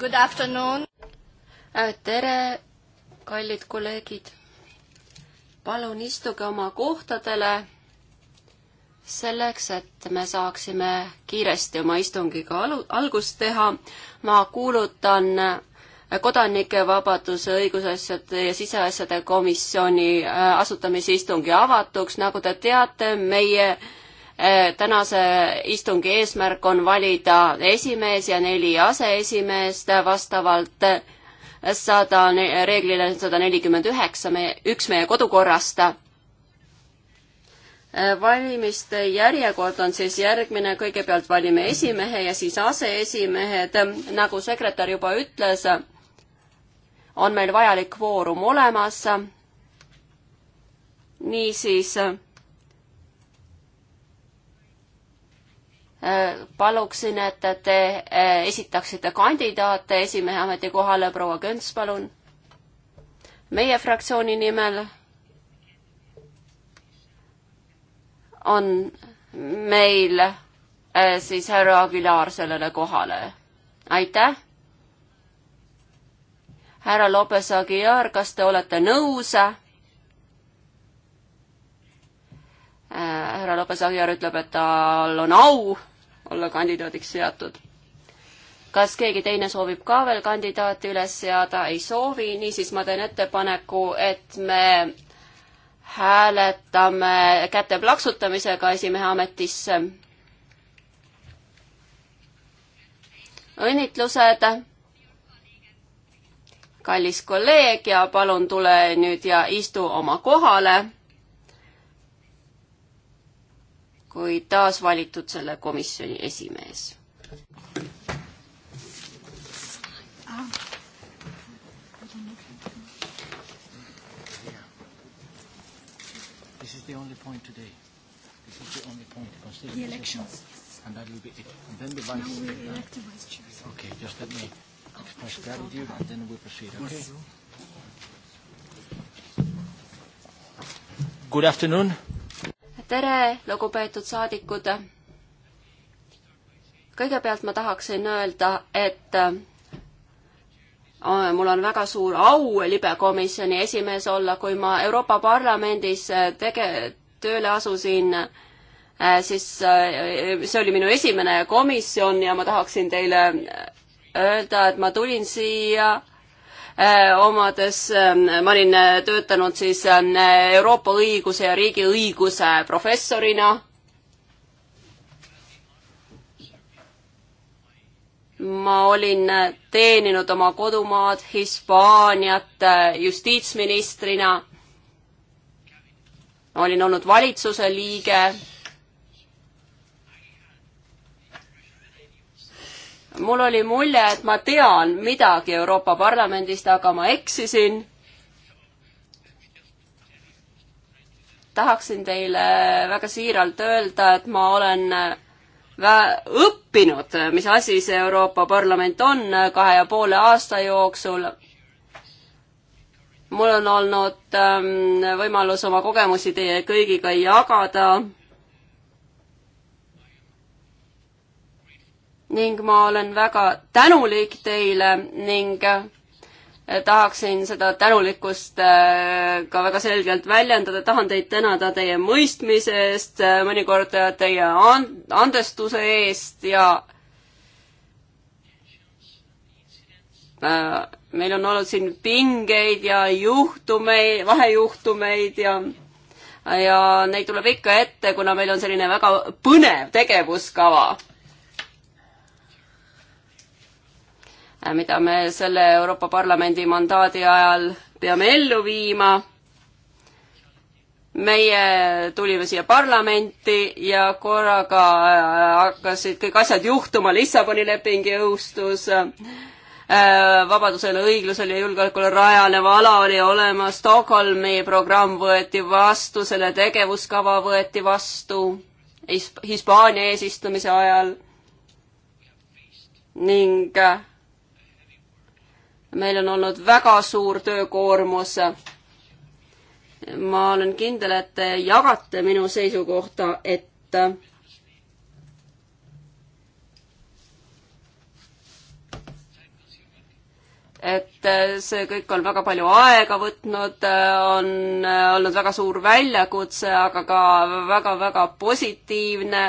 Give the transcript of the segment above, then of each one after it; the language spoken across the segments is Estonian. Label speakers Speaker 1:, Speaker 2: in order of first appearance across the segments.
Speaker 1: Good afternoon. tere, kallid kolleegid. palun istuge oma kohtadele selleks, et me saaksime kiiresti oma istungiga alu-, algust teha, ma kuulutan kodanike vabaduse, õigusasjade ja siseasjade komisjoni äh, asutamisistungi avatuks. nagu te teate, meie äh, Eh, tänase istungi eesmärk on valida esimees ja neli aseesimeest vastavalt eh, sada, reeglile sada nelikümmend üheksa, meie, üks meie kodukorrast. Eh, valimiste järjekord on siis järgmine, kõigepealt valime esimehe ja siis aseesimehed. nagu sekretär juba ütles, on meil vajalik kvoorum olemas. niisiis paluksin, et te eh, esitaksite kandidaate esimehe ametikohale, proua Könts, palun. meie fraktsiooni nimel on meil eh, siis härra Aguilar sellele kohale. aitäh. härra Lopes Aguilar, kas te olete nõus? Eh, härra Lopes Aguilar ütleb, et tal on au olla kandidaadiks seatud. kas keegi teine soovib ka veel kandidaati üles seada? ei soovi, niisiis ma teen ettepaneku, et me hääletame käte plaksutamisega esimehe ametisse. õnnitlused, kallis kolleeg ja palun tule nüüd ja istu oma kohale kui taas valitud selle komisjoni esimees. This is the only point today. This is the only point. The elections. And that will be it. And then the vice. Now we elect the vice chair. Okay, just let me express gratitude and then we proceed. Okay. Yes. Good afternoon tere, lugupeetud saadikud! kõigepealt ma tahaksin öelda, et äh, mul on väga suur au libekomisjoni esimees olla, kui ma Euroopa Parlamendis äh, tege-, tööle asusin, äh, siis see oli minu esimene komisjon ja ma tahaksin teile öelda, et ma tulin siia Äh, omades, ähm, ma olin äh, töötanud siis ähm, Euroopa õiguse ja riigiõiguse professorina ma olin äh, teeninud oma kodumaad Hispaaniat justiitsministrina. olin olnud valitsuse liige mul oli mulje, et ma tean midagi Euroopa Parlamendist, aga ma eksisin. tahaksin teile väga siiralt öelda, et ma olen õppinud, mis asi see Euroopa Parlament on kahe ja poole aasta jooksul. mul on olnud ähm, võimalus oma kogemusi teie kõigiga jagada ning ma olen väga tänulik teile ning äh, tahaksin seda tänulikkust äh, ka väga selgelt väljendada, tahan teid tänada teie mõistmise eest, äh, mõnikord teie andestuse eest ja meil on olnud siin pingeid ja juhtumeid, vahejuhtumeid ja ja neid tuleb ikka ette, kuna meil on selline väga põnev tegevuskava Äh, mida me selle Euroopa Parlamendi mandaadi ajal peame ellu viima. meie tulime siia parlamenti ja korraga äh, hakkasid kõik asjad juhtuma, Lissaboni leping jõustus, äh, vabadusele, õiglusele ja julgeolekule rajanev ala oli olemas, Stockholmi programm võeti vastu, selle tegevuskava võeti vastu Hispaania eesistumise ajal ning meil on olnud väga suur töökoormus. ma olen kindel, et te jagate minu seisukohta, et et see kõik on väga palju aega võtnud, on olnud väga suur väljakutse, aga ka väga-väga positiivne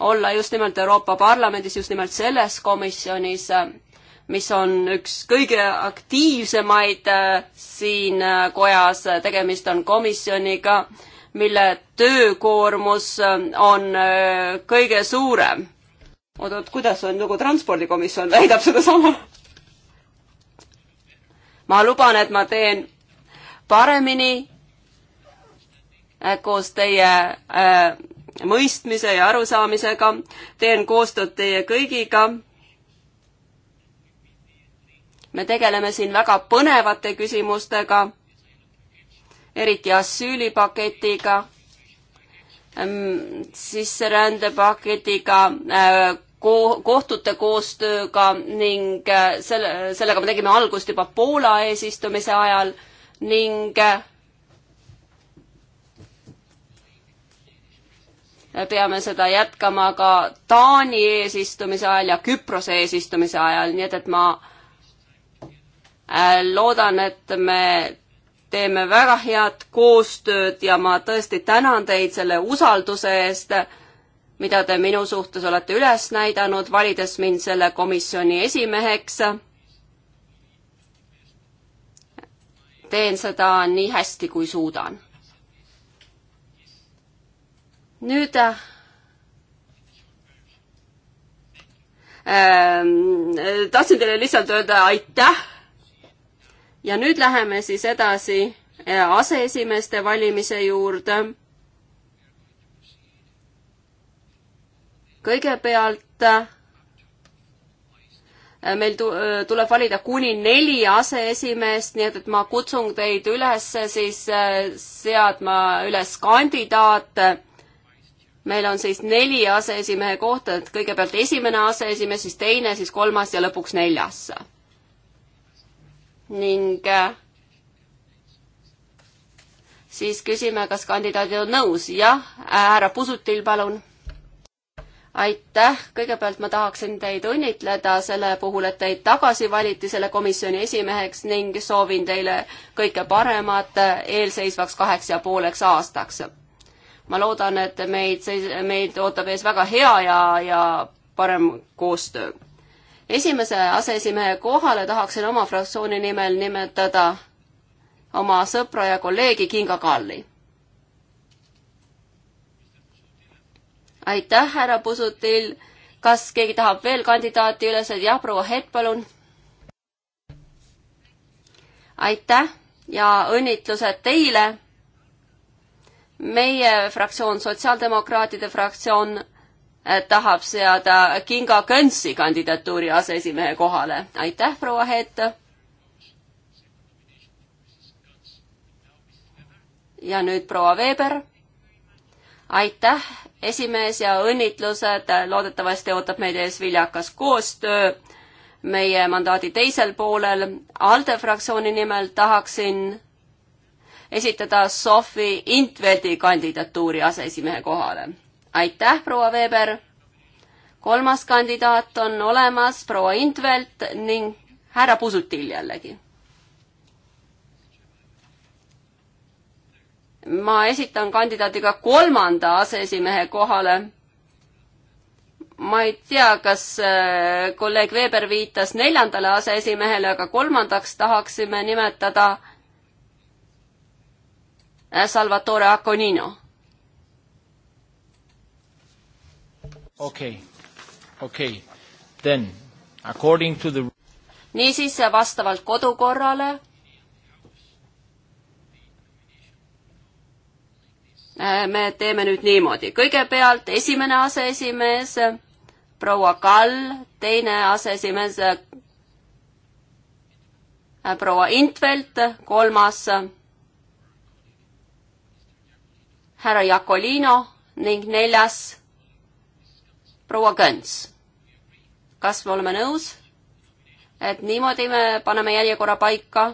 Speaker 1: olla just nimelt Euroopa Parlamendis, just nimelt selles komisjonis mis on üks kõige aktiivsemaid äh, siin äh, kojas, tegemist on komisjoniga, mille töökoormus äh, on kõige suurem. oot-oot, kuidas on lugu, transpordikomisjon väidab sedasama? ma luban, et ma teen paremini koos teie äh, mõistmise ja arusaamisega, teen koostööd teie kõigiga me tegeleme siin väga põnevate küsimustega, eriti asüülipaketiga, ehm, sisserändepaketiga, äh, ko-, kohtute koostööga ning äh, selle, sellega me tegime algust juba Poola eesistumise ajal ning äh, peame seda jätkama ka Taani eesistumise ajal ja Küprose eesistumise ajal, nii et, et ma äh, Äh, loodan, et me teeme väga head koostööd ja ma tõesti tänan teid selle usalduse eest, mida te minu suhtes olete üles näidanud, valides mind selle komisjoni esimeheks. teen seda nii hästi, kui suudan. nüüd ähm, tahtsin teile lihtsalt öelda aitäh ja nüüd läheme siis edasi eh, aseesimeeste valimise juurde. kõigepealt eh, meil eh, tuleb valida kuni neli aseesimeest, nii et, et ma kutsun teid üles siis seadma üles kandidaate meil on siis neli aseesimehe kohta, et kõigepealt esimene aseesimees, siis teine, siis kolmas ja lõpuks neljas ning äh, siis küsime, kas kandidaadid on nõus. jah, äh, härra Pusutil, palun. aitäh, kõigepealt ma tahaksin teid õnnitleda selle puhul, et teid tagasi valiti selle komisjoni esimeheks ning soovin teile kõike paremat eelseisvaks kaheks ja pooleks aastaks. ma loodan, et meid, meid ootab ees väga hea ja, ja parem koostöö esimese aseesimehe kohale tahaksin oma fraktsiooni nimel nimetada oma sõpra ja kolleegi Kinga Kalli. aitäh, härra Pusutil. kas keegi tahab veel kandidaati üles, et jah, proua Hett, palun. aitäh ja õnnitlused teile. meie fraktsioon, Sotsiaaldemokraatide fraktsioon tahab seada Kinga Könsi kandidatuuri aseesimehe kohale. aitäh, proua Heet. ja nüüd proua Veber. aitäh, esimees ja õnnitlused. loodetavasti ootab meid ees viljakas koostöö meie mandaadi teisel poolel. ALDE fraktsiooni nimel tahaksin esitada Sofi Intveldi kandidatuuri aseesimehe kohale aitäh, proua Weber. kolmas kandidaat on olemas, proua Intvelt ning härra Pusutil jällegi. ma esitan kandidaadiga kolmanda aseesimehe kohale ma ei tea, kas äh, kolleeg Weber viitas neljandale aseesimehele, aga kolmandaks tahaksime nimetada äh, Salvatore Aconino. okei okay., okei okay., then according to the niisiis, vastavalt kodukorrale äh, me teeme nüüd niimoodi, kõigepealt esimene aseesimees proua Kall, teine aseesimees äh, proua Intvelt, kolmas härra Jakolino ning neljas proua Kõnts, kas me oleme nõus, et niimoodi me paneme järjekorra paika?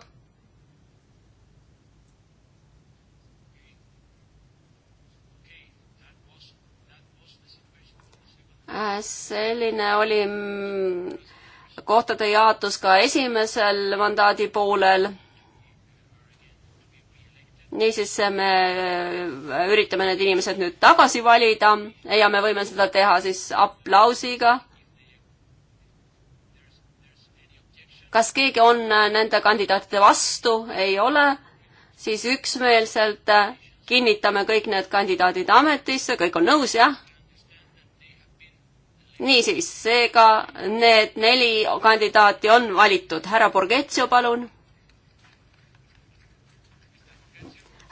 Speaker 1: Äh, selline oli mm, kohtade jaotus ka esimesel mandaadi poolel niisiis me äh, üritame need inimesed nüüd tagasi valida ja me võime seda teha siis aplausiga. kas keegi on äh, nende kandidaatide vastu? ei ole. siis üksmeelselt äh, kinnitame kõik need kandidaadid ametisse, kõik on nõus, jah? niisiis, seega need neli kandidaati on valitud. härra Borghezio, palun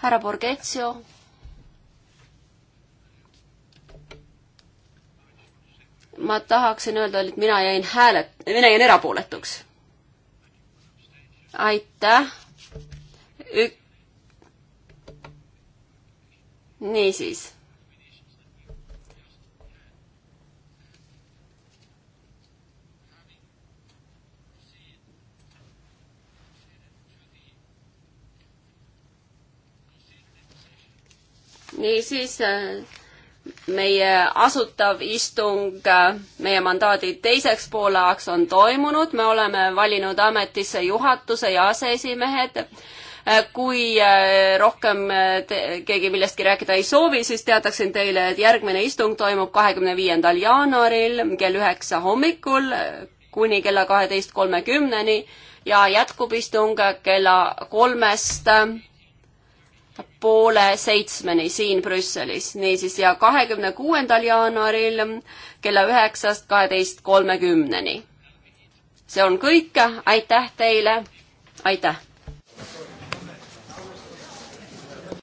Speaker 1: härra Borghezio. ma tahaksin öelda, et mina jäin hääle, mina jäin erapooletuks. aitäh Ük.... niisiis niisiis äh, meie asutav istung äh, meie mandaadi teiseks poolaaks on toimunud, me oleme valinud ametisse juhatuse ja aseesimehed. Äh, kui rohkem keegi millestki rääkida ei soovi, siis teataksin teile, et järgmine istung toimub kahekümne viiendal jaanuaril kell üheksa hommikul kuni kella kaheteist kolmekümneni ja jätkub istung kella kolmest poole seitsmeni siin Brüsselis, niisiis ja kahekümne kuuendal jaanuaril kella üheksast kaheteist kolmekümneni. see on kõik, aitäh teile, aitäh!